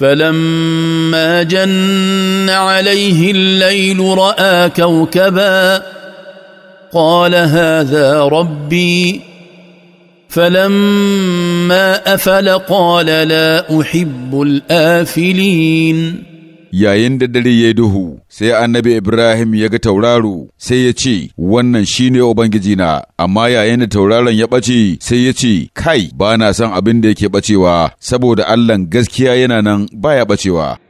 فلما جن عليه الليل راى كوكبا قال هذا ربي فلما افل قال لا احب الافلين yayin da dare ya duhu sai annabi Ibrahim ya ga tauraro sai ya ce wannan shine na, amma yayin da tauraron ya ɓace sai ya ce kai ba na son abin da yake ɓacewa saboda Allahn gaskiya yana nan baya ɓacewa